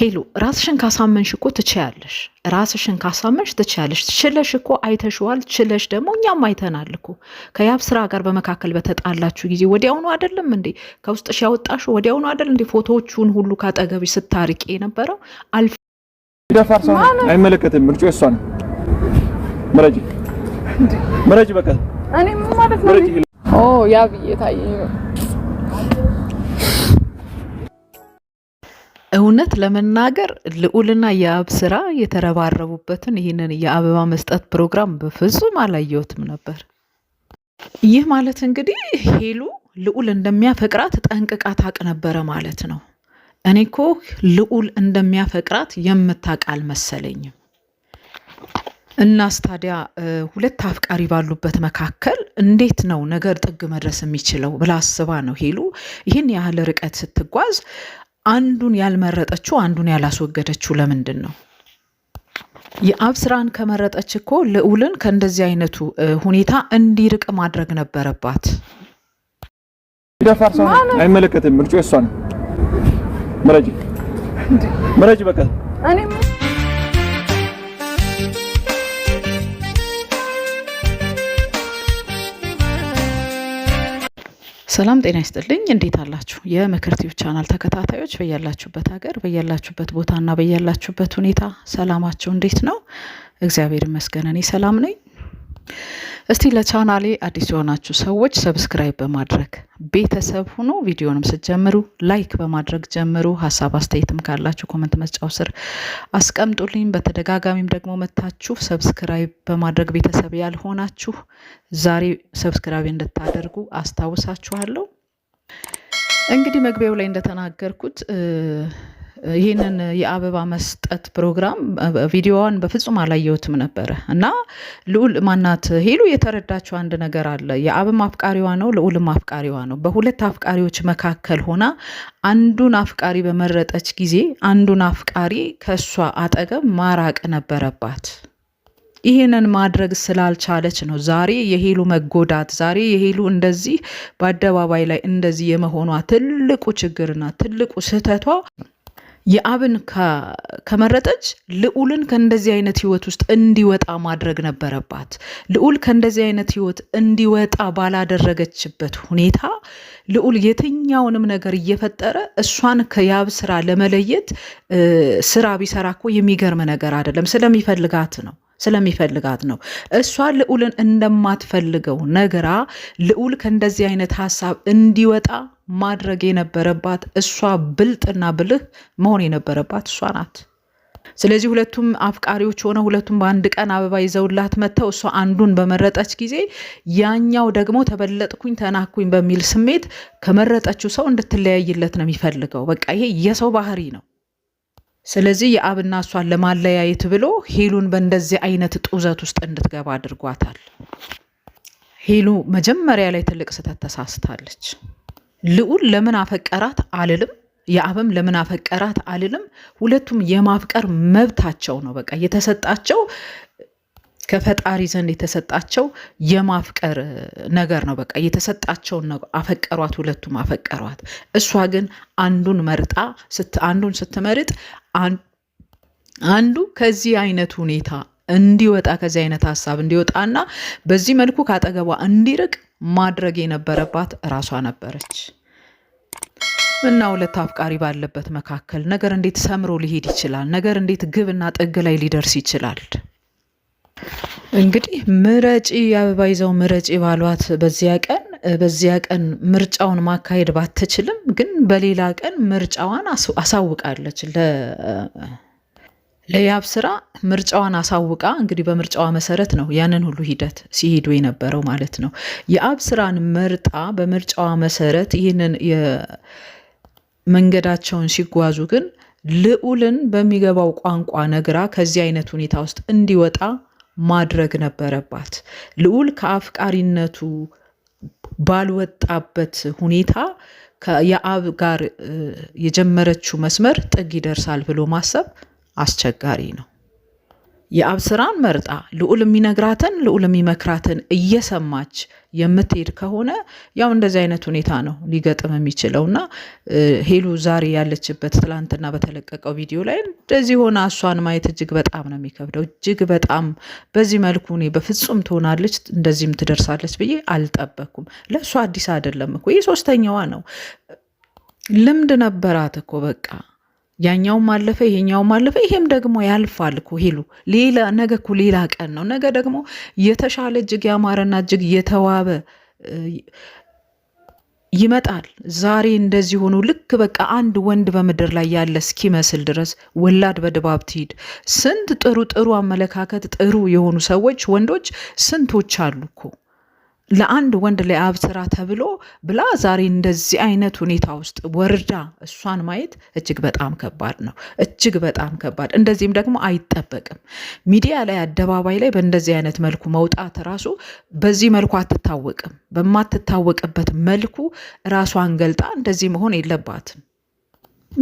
ሄሉ ራስሽን ካሳመንሽ እኮ ትችያለሽ። ራስሽን ካሳመንሽ ትችያለሽ። ችለሽ እኮ አይተሽዋል። ችለሽ ደግሞ እኛም አይተናል እኮ ከያብ ስራ ጋር በመካከል በተጣላችሁ ጊዜ ወዲያውኑ አይደለም እንዴ ከውስጥሽ ያወጣሽ ወዲያውኑ አይደል እንዴ ፎቶዎቹን ሁሉ ካጠገብሽ ስታርቂ የነበረው? አልደፋር ሰው አይመለከትም። ምርጫ እሷ ነው። ምረጭ፣ ምረጭ፣ በቃ እኔ ማለት ነው። ኦ ያብ እየታየኝ ነው እውነት ለመናገር ልዑልና የአብ ስራ የተረባረቡበትን ይህንን የአበባ መስጠት ፕሮግራም በፍጹም አላየሁትም ነበር። ይህ ማለት እንግዲህ ሄሉ ልዑል እንደሚያፈቅራት ጠንቅቃ ታውቅ ነበረ ማለት ነው። እኔ እኮ ልዑል እንደሚያፈቅራት የምታውቅ አልመሰለኝም። እናስ ታዲያ ሁለት አፍቃሪ ባሉበት መካከል እንዴት ነው ነገር ጥግ መድረስ የሚችለው ብላ አስባ ነው ሄሉ ይህን ያህል ርቀት ስትጓዝ አንዱን ያልመረጠችው አንዱን ያላስወገደችው ለምንድን ነው? የአብስራን ከመረጠች እኮ ልዑልን ከእንደዚህ አይነቱ ሁኔታ እንዲርቅ ማድረግ ነበረባት። ደፋር ሰው አይመለከትም። ምርጫ እሷ ነው። መረጅ ምረጭ፣ በቃ ሰላም ጤና ይስጥልኝ። እንዴት አላችሁ? የምክር ቲዩብ ቻናል ተከታታዮች በያላችሁበት ሀገር በያላችሁበት ቦታና በያላችሁበት ሁኔታ ሰላማችሁ እንዴት ነው? እግዚአብሔር ይመስገን እኔ ሰላም ነኝ። እስቲ ለቻናሌ አዲስ የሆናችሁ ሰዎች ሰብስክራይብ በማድረግ ቤተሰብ ሁኖ ቪዲዮንም ስትጀምሩ ላይክ በማድረግ ጀምሩ። ሀሳብ አስተያየትም ካላችሁ ኮመንት መስጫው ስር አስቀምጡልኝ። በተደጋጋሚም ደግሞ መታችሁ ሰብስክራይብ በማድረግ ቤተሰብ ያልሆናችሁ ዛሬ ሰብስክራይብ እንድታደርጉ አስታውሳችኋለሁ። እንግዲህ መግቢያው ላይ እንደተናገርኩት ይህንን የአበባ መስጠት ፕሮግራም ቪዲዮዋን በፍጹም አላየሁትም ነበረ እና ልዑል ማናት ሄሉ የተረዳችው አንድ ነገር አለ። የአብም አፍቃሪዋ ነው፣ ልዑልም አፍቃሪዋ ነው። በሁለት አፍቃሪዎች መካከል ሆና አንዱን አፍቃሪ በመረጠች ጊዜ አንዱን አፍቃሪ ከእሷ አጠገብ ማራቅ ነበረባት። ይህንን ማድረግ ስላልቻለች ነው ዛሬ የሄሉ መጎዳት፣ ዛሬ የሄሉ እንደዚህ በአደባባይ ላይ እንደዚህ የመሆኗ ትልቁ ችግርና ትልቁ ስህተቷ የአብን ከመረጠች ልዑልን ከእንደዚህ አይነት ህይወት ውስጥ እንዲወጣ ማድረግ ነበረባት። ልዑል ከእንደዚህ አይነት ህይወት እንዲወጣ ባላደረገችበት ሁኔታ ልዑል የትኛውንም ነገር እየፈጠረ እሷን ከያብ ስራ ለመለየት ስራ ቢሰራ እኮ የሚገርም ነገር አይደለም። ስለሚፈልጋት ነው። ስለሚፈልጋት ነው። እሷ ልዑልን እንደማትፈልገው ነግራ ልዑል ከእንደዚህ አይነት ሀሳብ እንዲወጣ ማድረግ የነበረባት እሷ ብልጥና ብልህ መሆን የነበረባት እሷ ናት። ስለዚህ ሁለቱም አፍቃሪዎች ሆነው ሁለቱም በአንድ ቀን አበባ ይዘውላት መጥተው እሷ አንዱን በመረጠች ጊዜ ያኛው ደግሞ ተበለጥኩኝ፣ ተናኩኝ በሚል ስሜት ከመረጠችው ሰው እንድትለያይለት ነው የሚፈልገው። በቃ ይሄ የሰው ባህሪ ነው። ስለዚህ የአብና እሷን ለማለያየት ብሎ ሄሉን በእንደዚህ አይነት ጡዘት ውስጥ እንድትገባ አድርጓታል። ሄሉ መጀመሪያ ላይ ትልቅ ስህተት ተሳስታለች። ልዑል ለምን አፈቀራት አልልም፣ የአብም ለምን አፈቀራት አልልም። ሁለቱም የማፍቀር መብታቸው ነው። በቃ የተሰጣቸው ከፈጣሪ ዘንድ የተሰጣቸው የማፍቀር ነገር ነው። በቃ የተሰጣቸውን አፈቀሯት፣ ሁለቱም አፈቀሯት። እሷ ግን አንዱን መርጣ አንዱን ስትመርጥ አንዱ ከዚህ አይነት ሁኔታ እንዲወጣ ከዚህ አይነት ሀሳብ እንዲወጣና በዚህ መልኩ ከአጠገቧ እንዲርቅ ማድረግ የነበረባት እራሷ ነበረች እና ሁለት አፍቃሪ ባለበት መካከል ነገር እንዴት ሰምሮ ሊሄድ ይችላል? ነገር እንዴት ግብና ጥግ ላይ ሊደርስ ይችላል? እንግዲህ ምረጪ አበባ ይዘው ምረጪ ባሏት በዚያ ቀን በዚያ ቀን ምርጫውን ማካሄድ ባትችልም ግን በሌላ ቀን ምርጫዋን አሳውቃለች። ለያብ ስራ ምርጫዋን አሳውቃ እንግዲህ በምርጫዋ መሰረት ነው ያንን ሁሉ ሂደት ሲሄዱ የነበረው ማለት ነው። የአብ ስራን መርጣ በምርጫዋ መሰረት ይህንን መንገዳቸውን ሲጓዙ ግን ልዑልን በሚገባው ቋንቋ ነግራ ከዚህ አይነት ሁኔታ ውስጥ እንዲወጣ ማድረግ ነበረባት። ልዑል ከአፍቃሪነቱ ባልወጣበት ሁኔታ የአብ ጋር የጀመረችው መስመር ጥግ ይደርሳል ብሎ ማሰብ አስቸጋሪ ነው። የአብስራን መርጣ ልዑል የሚነግራትን ልዑል የሚመክራትን እየሰማች የምትሄድ ከሆነ ያው እንደዚህ አይነት ሁኔታ ነው ሊገጥም የሚችለው እና ሄሉ ዛሬ ያለችበት ትላንትና በተለቀቀው ቪዲዮ ላይ እንደዚህ ሆነ እሷን ማየት እጅግ በጣም ነው የሚከብደው። እጅግ በጣም በዚህ መልኩ እኔ በፍጹም ትሆናለች እንደዚህም ትደርሳለች ብዬ አልጠበኩም። ለእሷ አዲስ አይደለም እኮ ይህ ሶስተኛዋ ነው። ልምድ ነበራት እኮ በቃ ያኛውም አለፈ፣ ይሄኛውም አለፈ፣ ይሄም ደግሞ ያልፋል እኮ ሄሉ። ሌላ ነገ እኮ ሌላ ቀን ነው። ነገ ደግሞ የተሻለ እጅግ ያማረና እጅግ የተዋበ ይመጣል። ዛሬ እንደዚህ ሆኖ ልክ በቃ አንድ ወንድ በምድር ላይ ያለ እስኪመስል ድረስ ወላድ በድባብ ትሂድ። ስንት ጥሩ ጥሩ አመለካከት ጥሩ የሆኑ ሰዎች ወንዶች ስንቶች አሉ እኮ ለአንድ ወንድ ላይ አብስራ ተብሎ ብላ ዛሬ እንደዚህ አይነት ሁኔታ ውስጥ ወርዳ እሷን ማየት እጅግ በጣም ከባድ ነው። እጅግ በጣም ከባድ እንደዚህም ደግሞ አይጠበቅም። ሚዲያ ላይ አደባባይ ላይ በእንደዚህ አይነት መልኩ መውጣት ራሱ በዚህ መልኩ አትታወቅም። በማትታወቅበት መልኩ ራሷን ገልጣ እንደዚህ መሆን የለባትም።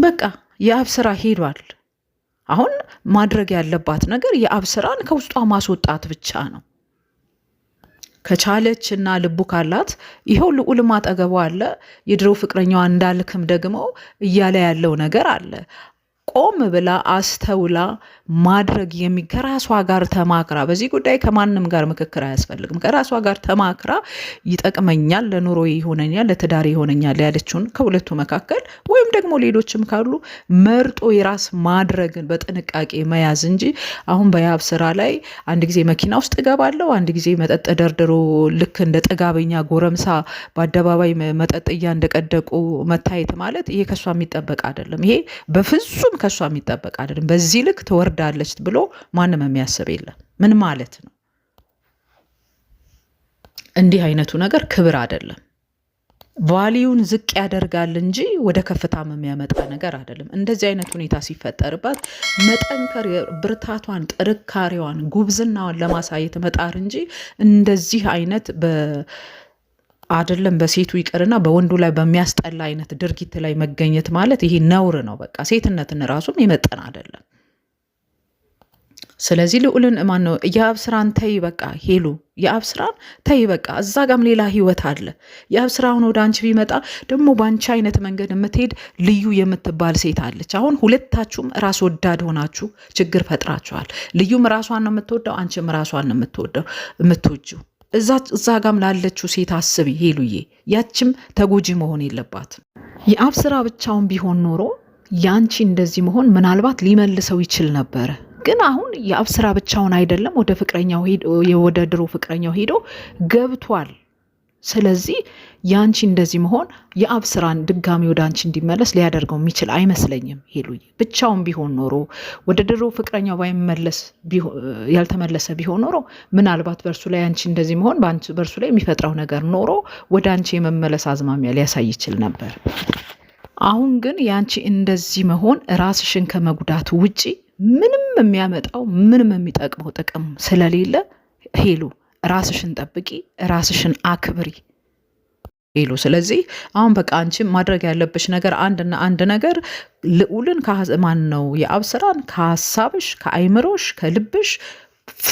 በቃ የአብ ስራ ሄዷል። አሁን ማድረግ ያለባት ነገር የአብስራን ከውስጧ ማስወጣት ብቻ ነው። ከቻለች እና ልቡ ካላት ይኸው ልዑልም አጠገቧ አለ። የድሮ ፍቅረኛዋ እንዳልክም ደግሞ እያለ ያለው ነገር አለ። ቆም ብላ አስተውላ ማድረግ የሚ ከራሷ ጋር ተማክራ በዚህ ጉዳይ ከማንም ጋር ምክክር አያስፈልግም። ከራሷ ጋር ተማክራ ይጠቅመኛል፣ ለኑሮ ይሆነኛል፣ ለትዳር ይሆነኛል ያለችውን ከሁለቱ መካከል ወይም ደግሞ ሌሎችም ካሉ መርጦ የራስ ማድረግን በጥንቃቄ መያዝ እንጂ አሁን በያብ ስራ ላይ አንድ ጊዜ መኪና ውስጥ እገባለሁ፣ አንድ ጊዜ መጠጥ ደርድሮ ልክ እንደ ጥጋበኛ ጎረምሳ በአደባባይ መጠጥያ እንደቀደቁ መታየት ማለት ይሄ ከሷ የሚጠበቅ አይደለም። ይሄ በፍጹም ምንም ከእሷ የሚጠበቅ አይደለም። በዚህ ልክ ትወርዳለች ብሎ ማንም የሚያስብ የለም። ምን ማለት ነው? እንዲህ አይነቱ ነገር ክብር አይደለም። ቫሊዩን ዝቅ ያደርጋል እንጂ ወደ ከፍታም የሚያመጣ ነገር አይደለም። እንደዚህ አይነት ሁኔታ ሲፈጠርባት መጠንከር፣ ብርታቷን፣ ጥንካሬዋን፣ ጉብዝናዋን ለማሳየት መጣር እንጂ እንደዚህ አይነት አይደለም በሴቱ ይቅርና በወንዱ ላይ በሚያስጠላ አይነት ድርጊት ላይ መገኘት ማለት ይሄ ነውር ነው። በቃ ሴትነትን ራሱም የመጠን አይደለም። ስለዚህ ልዑልን እማን ነው የአብስራን ተይ በቃ ሄሉ፣ የአብስራን ተይ በቃ። እዛ ጋም ሌላ ህይወት አለ። የአብስራውን ወደ አንቺ ቢመጣ ደግሞ በአንቺ አይነት መንገድ የምትሄድ ልዩ የምትባል ሴት አለች። አሁን ሁለታችሁም ራስ ወዳድ ሆናችሁ ችግር ፈጥራችኋል። ልዩም ራሷን ነው የምትወደው፣ አንቺም ራሷን ነው የምትወደው የምትወጂው እዛ እዛ ጋም ላለችው ሴት አስቢ ሄሉዬ፣ ያችም ተጎጂ መሆን የለባትም። የአብ ስራ ብቻውን ቢሆን ኖሮ ያንቺ እንደዚህ መሆን ምናልባት ሊመልሰው ይችል ነበር ግን አሁን የአብ ስራ ብቻውን አይደለም። ወደ ፍቅረኛው ወደ ድሮ ፍቅረኛው ሄዶ ገብቷል። ስለዚህ የአንቺ እንደዚህ መሆን የአብ ስራን ድጋሚ ወደ አንቺ እንዲመለስ ሊያደርገው የሚችል አይመስለኝም። ሄሉዬ ብቻውን ቢሆን ኖሮ ወደ ድሮ ፍቅረኛው ባይመለስ ያልተመለሰ ቢሆን ኖሮ ምናልባት በእርሱ ላይ አንቺ እንደዚህ መሆን በእርሱ ላይ የሚፈጥረው ነገር ኖሮ ወደ አንቺ የመመለስ አዝማሚያ ሊያሳይ ይችል ነበር። አሁን ግን የአንቺ እንደዚህ መሆን ራስሽን ከመጉዳት ውጪ ምንም የሚያመጣው ምንም የሚጠቅመው ጥቅም ስለሌለ ሄሉ ራስሽን ጠብቂ፣ ራስሽን አክብሪ ይሉ። ስለዚህ አሁን በቃ አንቺ ማድረግ ያለብሽ ነገር አንድና አንድ ነገር ልዑልን ማን ነው የአብስራን ከሀሳብሽ ከአይምሮሽ ከልብሽ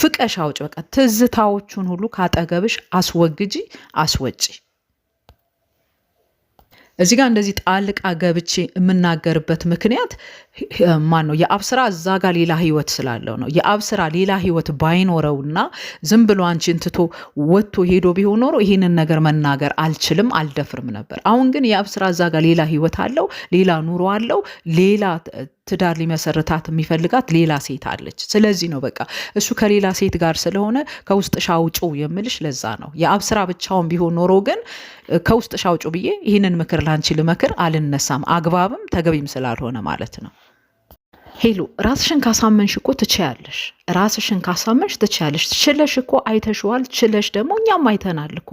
ፍቀሽ አውጭ። በቃ ትዝታዎቹን ሁሉ ካጠገብሽ አስወግጂ፣ አስወጪ። እዚህ ጋር እንደዚህ ጣልቃ ገብቼ የምናገርበት ምክንያት ማን ነው? የአብስራ እዛ ጋር ሌላ ህይወት ስላለው ነው። የአብስራ ሌላ ህይወት ባይኖረውና ዝም ብሎ አንቺን ትቶ ወጥቶ ሄዶ ቢሆን ኖሮ ይህንን ነገር መናገር አልችልም አልደፍርም ነበር። አሁን ግን የአብስራ እዛ ጋር ሌላ ህይወት አለው፣ ሌላ ኑሮ አለው፣ ሌላ ትዳር ሊመሰርታት የሚፈልጋት ሌላ ሴት አለች። ስለዚህ ነው በቃ እሱ ከሌላ ሴት ጋር ስለሆነ ከውስጥ ሻውጩ የምልሽ ለዛ ነው። የአብስራ ብቻውን ቢሆን ኖሮ ግን ከውስጥ ሻውጩ ብዬ ይህንን ምክር ለአንቺ ልመክር አልነሳም፣ አግባብም ተገቢም ስላልሆነ ማለት ነው። ሄሉ ራስሽን ካሳመንሽ እኮ ትችያለሽ። ራስሽን ካሳመንሽ ትችያለሽ። ችለሽ እኮ አይተሽዋል። ችለሽ ደግሞ እኛም አይተናል እኮ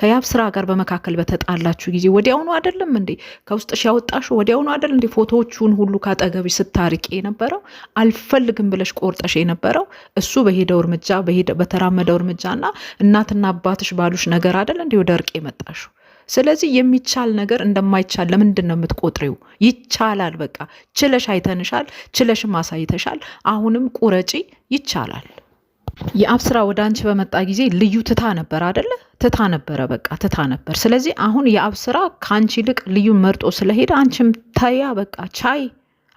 ከያብ ስራ ጋር በመካከል በተጣላችሁ ጊዜ ወዲያውኑ አይደለም እንዴ ከውስጥሽ ያወጣሽው? ወዲያውኑ አይደል እንዴ ፎቶዎቹን ሁሉ ካጠገብሽ ስታርቅ የነበረው አልፈልግም ብለሽ ቆርጠሽ የነበረው እሱ በሄደው እርምጃ በተራመደው እርምጃና እናትና አባትሽ ባሉሽ ነገር አይደል እንዴ ወደ እርቅ የመጣሽው? ስለዚህ የሚቻል ነገር እንደማይቻል ለምንድን ነው የምትቆጥሪው? ይቻላል። በቃ ችለሽ አይተንሻል፣ ችለሽም አሳይተሻል። አሁንም ቁረጪ፣ ይቻላል። የአብስራ ወደ አንቺ በመጣ ጊዜ ልዩ ትታ ነበር አደለ? ትታ ነበረ፣ በቃ ትታ ነበር። ስለዚህ አሁን የአብስራ ከአንቺ ይልቅ ልዩ መርጦ ስለሄደ አንቺም ተያ፣ በቃ ቻይ።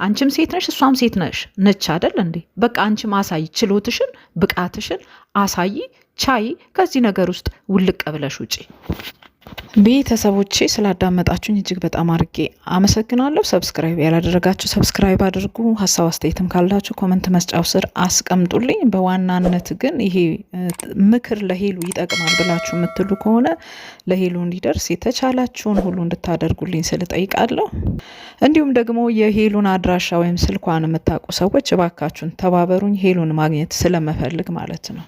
አንቺም ሴት ነሽ፣ እሷም ሴት ነሽ ነች አደለ እንዴ? በቃ አንቺም አሳይ፣ ችሎትሽን፣ ብቃትሽን አሳይ፣ ቻይ። ከዚህ ነገር ውስጥ ውልቅ ብለሽ ውጪ። ቤተሰቦቼ ስላዳመጣችሁኝ እጅግ በጣም አድርጌ አመሰግናለሁ። ሰብስክራይብ ያላደረጋችሁ ሰብስክራይብ አድርጉ። ሀሳብ አስተያየትም ካላችሁ ኮመንት መስጫው ስር አስቀምጡልኝ። በዋናነት ግን ይሄ ምክር ለሄሉ ይጠቅማል ብላችሁ የምትሉ ከሆነ ለሄሉ እንዲደርስ የተቻላችሁን ሁሉ እንድታደርጉልኝ ስል ጠይቃለሁ። እንዲሁም ደግሞ የሄሉን አድራሻ ወይም ስልኳን የምታውቁ ሰዎች እባካችሁን ተባበሩኝ። ሄሉን ማግኘት ስለመፈልግ ማለት ነው።